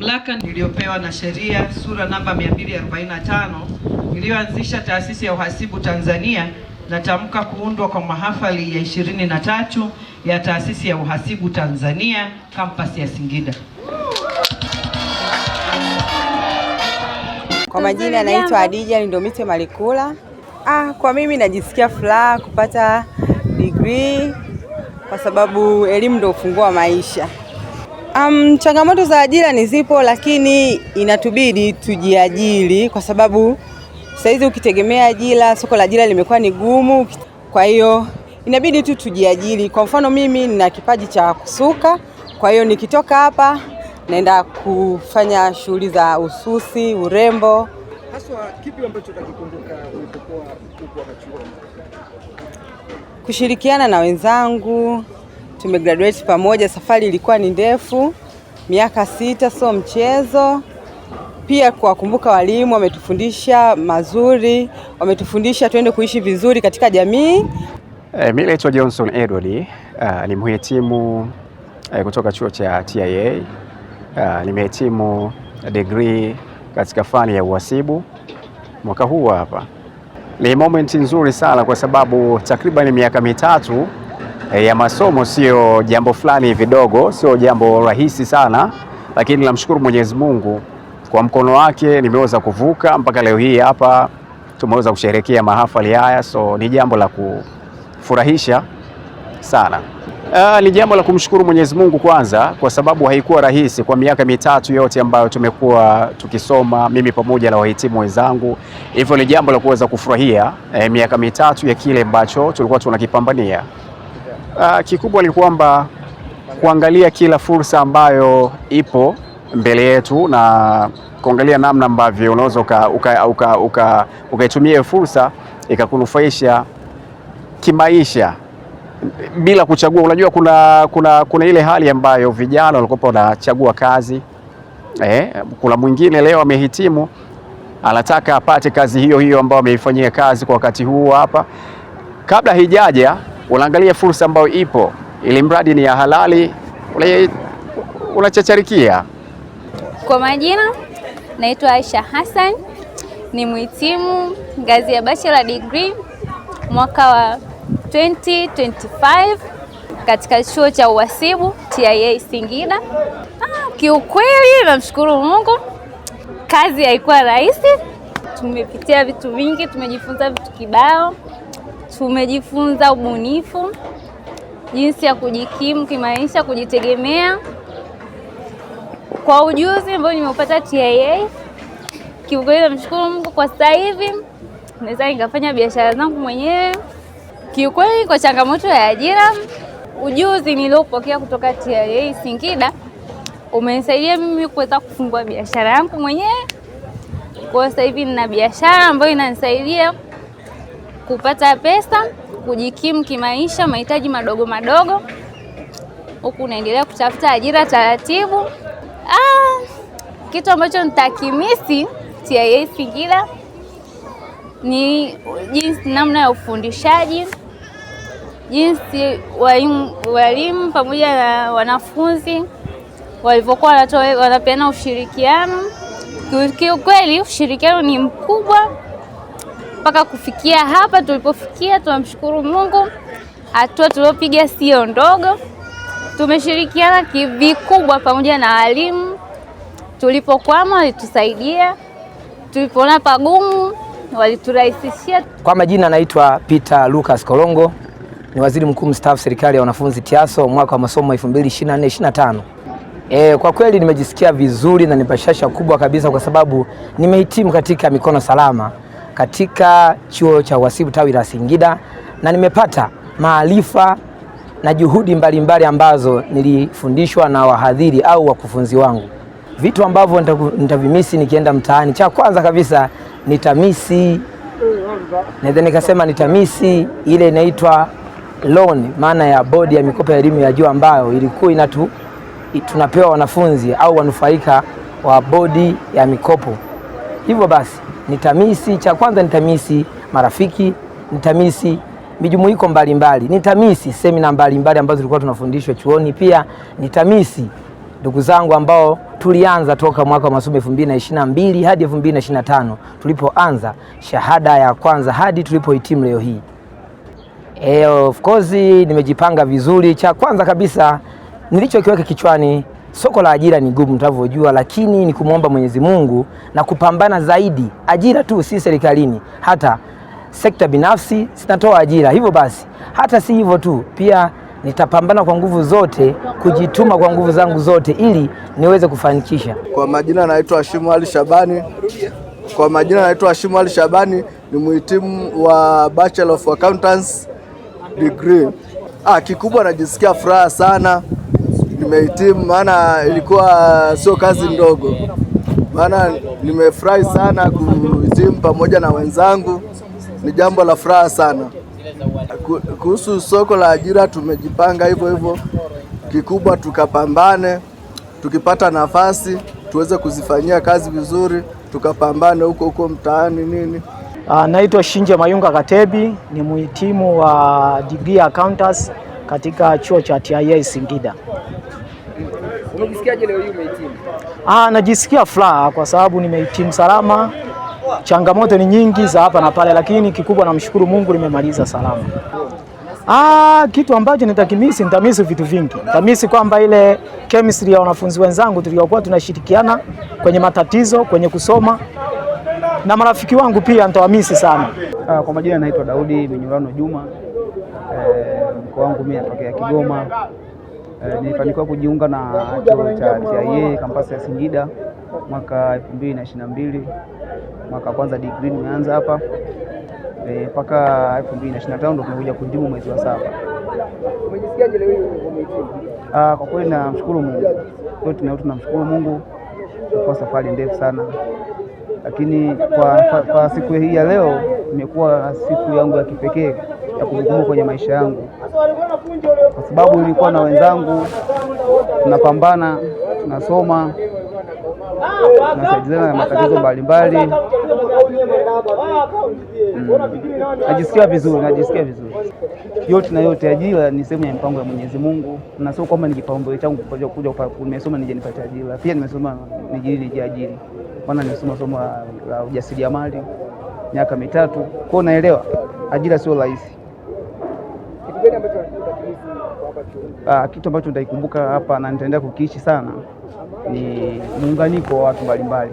mamlaka niliyopewa na sheria sura namba 245 iliyoanzisha taasisi ya uhasibu Tanzania, natamka kuundwa kwa mahafali ya 23 ya taasisi ya uhasibu Tanzania kampasi ya Singida. Kwa majina anaitwa Adija Lindomite Malikula. Ah, kwa mimi najisikia furaha kupata degree kwa sababu elimu ndio ufunguo wa maisha. Um, changamoto za ajira ni zipo, lakini inatubidi tujiajiri kwa sababu saizi ukitegemea ajira, soko la ajira limekuwa ni gumu. Kwa hiyo inabidi tu tujiajiri. Kwa mfano mimi nina kipaji cha kusuka, kwa hiyo nikitoka hapa naenda kufanya shughuli za ususi, urembo. Haswa kipi ambacho utakikumbuka ulipokuwa huko Kachuo? Kushirikiana na wenzangu tumegraduate pamoja. Safari ilikuwa ni ndefu, miaka sita, sio mchezo. Pia kuwakumbuka walimu, wametufundisha mazuri, wametufundisha tuende kuishi vizuri katika jamii. E, eh, mi naitwa Johnson Edward, uh, ni mhitimu uh, kutoka chuo cha TIA. Uh, nimehitimu degree katika fani ya uhasibu mwaka huu hapa. Ni moment nzuri sana kwa sababu takriban miaka mitatu Eh, ya masomo sio jambo fulani vidogo, sio jambo rahisi sana, lakini namshukuru Mwenyezi Mungu kwa mkono wake nimeweza kuvuka mpaka leo hii hapa tumeweza kusherehekea mahafali haya, so ni jambo la kufurahisha sana. Uh, ni jambo la kumshukuru Mwenyezi Mungu kwanza, kwa sababu haikuwa rahisi kwa miaka mitatu yote ambayo tumekuwa tukisoma mimi pamoja na wahitimu wenzangu, hivyo ni jambo la kuweza kufurahia eh, miaka mitatu ya kile ambacho tulikuwa tunakipambania. Uh, kikubwa ni kwamba kuangalia kila fursa ambayo ipo mbele yetu na kuangalia namna ambavyo unaweza ukaitumia uka, uka, uka fursa ikakunufaisha kimaisha bila kuchagua. Unajua kuna, kuna, kuna ile hali ambayo vijana walikuwa wanachagua kazi eh, kuna mwingine leo amehitimu anataka apate kazi hiyo hiyo ambayo ameifanyia kazi kwa wakati huu hapa kabla hijaja unaangalia fursa ambayo ipo, ili mradi ni ya halali, unachacharikia. Kwa majina naitwa Aisha Hassan, ni mhitimu ngazi ya bachelor degree mwaka wa 2025 katika chuo cha uhasibu TIA Singida. Ah, kiukweli namshukuru Mungu, kazi haikuwa rahisi. Tumepitia vitu vingi, tumejifunza vitu kibao tumejifunza ubunifu, jinsi ya kujikimu kimaisha, kujitegemea kwa ujuzi ambao nimeupata TIA. Kiukweli namshukuru Mungu kwa sasa hivi naweza nikafanya biashara zangu mwenyewe. Kiukweli kwa changamoto ya ajira, ujuzi niliopokea kutoka TIA Singida umenisaidia mimi kuweza kufungua biashara yangu mwenyewe. Kwa sasa hivi nina biashara ambayo inanisaidia kupata pesa, kujikimu kimaisha, mahitaji madogo madogo, huku unaendelea kutafuta ajira taratibu. Ah, kitu ambacho nitakimisi TIA Singida ni jinsi, namna ya ufundishaji, jinsi walimu, walimu pamoja na wanafunzi walivyokuwa wanapeana ushirikiano. Kiukweli ushirikiano ni mkubwa mpaka kufikia hapa tulipofikia. Tunamshukuru Mungu, hatua tuliopiga sio ndogo. Tumeshirikiana kivikubwa pamoja na walimu, tulipokwama walitusaidia, tulipoona pagumu waliturahisishia. Kwa majina naitwa Peter Lucas Kolongo, ni waziri mkuu mstaafu serikali ya wanafunzi TIASO mwaka wa masomo 2024 E, kwa kweli nimejisikia vizuri na ni bashasha kubwa kabisa kwa sababu nimehitimu katika mikono salama katika chuo cha uhasibu tawi la Singida na nimepata maarifa na juhudi mbalimbali mbali ambazo nilifundishwa na wahadhiri au wakufunzi wangu. Vitu ambavyo nitavimisi nikienda mtaani, cha kwanza kabisa nitamisi, naweza nikasema nitamisi ile inaitwa loan, maana ya bodi ya mikopo ya elimu ya juu ambayo ilikuwa inatu tunapewa wanafunzi au wanufaika wa bodi ya mikopo. Hivyo basi nitamisi, cha kwanza nitamisi marafiki, nitamisi mijumuiko mbalimbali, nitamisi semina mbalimbali ambazo tulikuwa tunafundishwa chuoni. Pia nitamisi ndugu zangu ambao tulianza toka mwaka wa masomo 2022 hadi 2025 tulipoanza shahada ya kwanza hadi tulipohitimu leo hii. E, of course nimejipanga vizuri. Cha kwanza kabisa nilichokiweka kichwani Soko la ajira ni gumu tunavyojua, lakini ni kumwomba Mwenyezi Mungu na kupambana zaidi. Ajira tu si serikalini, hata sekta binafsi zinatoa ajira. Hivyo basi, hata si hivyo tu, pia nitapambana kwa nguvu zote, kujituma kwa nguvu zangu zote, ili niweze kufanikisha. Kwa majina naitwa Hashimu Ali Shabani. Kwa majina naitwa Hashimu Ali Shabani, ni mhitimu wa Bachelor of Accountancy degree. Ah, kikubwa najisikia furaha sana nimehitimu, maana ilikuwa sio kazi ndogo, maana nimefurahi sana kuhitimu pamoja na wenzangu, ni jambo la furaha sana. Kuhusu soko la ajira, tumejipanga hivyo hivyo, kikubwa tukapambane, tukipata nafasi tuweze kuzifanyia kazi vizuri, tukapambane huko huko mtaani nini. Uh, naitwa Shinje Mayunga Katebi ni mhitimu wa degree accountants katika chuo cha TIA Singida. Unajisikiaje leo hii umehitimu? Ah, najisikia furaha kwa sababu nimehitimu salama. Changamoto ni nyingi za hapa na pale, lakini kikubwa namshukuru Mungu nimemaliza salama. Ah, kitu ambacho nitakimisi, nitamisi vitu vingi. Nitamisi kwamba ile chemistry ya wanafunzi wenzangu tuliokuwa tunashirikiana kwenye matatizo, kwenye kusoma na marafiki wangu pia nitawamisi sana. Ah, kwa majina naitwa Daudi Minyurano Juma. Eh, mkoa wangu mimi natokea Kigoma. Eh, nilifanikiwa kujiunga na chuo cha TIA kampasi ya Singida mwaka 2022. Mwaka kwanza degree nimeanza hapa eh, mpaka eh, 2025 ndo tumekuja kuhitimu mwezi wa saba. Umejisikiaje leo umehitimu? Ah, kwa kweli namshukuru Mungu. Leo tunamshukuru Mungu kwa safari ndefu sana, lakini kwa, kwa siku hii ya leo imekuwa siku yangu ya kipekee ya kumbukumbu kwenye maisha yangu kwa sababu nilikuwa na wenzangu tunapambana, tunasoma, tunasaidizana na matatizo mbalimbali. Hmm. Najisikia vizuri, najisikia vizuri. Yote na yote, ajira ni sehemu ya mpango ya Mwenyezi Mungu, na sio kwamba ni kipaumbele changu kuja nimesoma nije nipate ajira. Pia nimesoma nijili nijiajiri, maana nimesoma somo la ujasiriamali miaka mitatu, kwao naelewa ajira sio rahisi. Uh, kitu ambacho nitaikumbuka hapa na nitaendelea kukiishi sana ni muunganiko wa watu mbalimbali.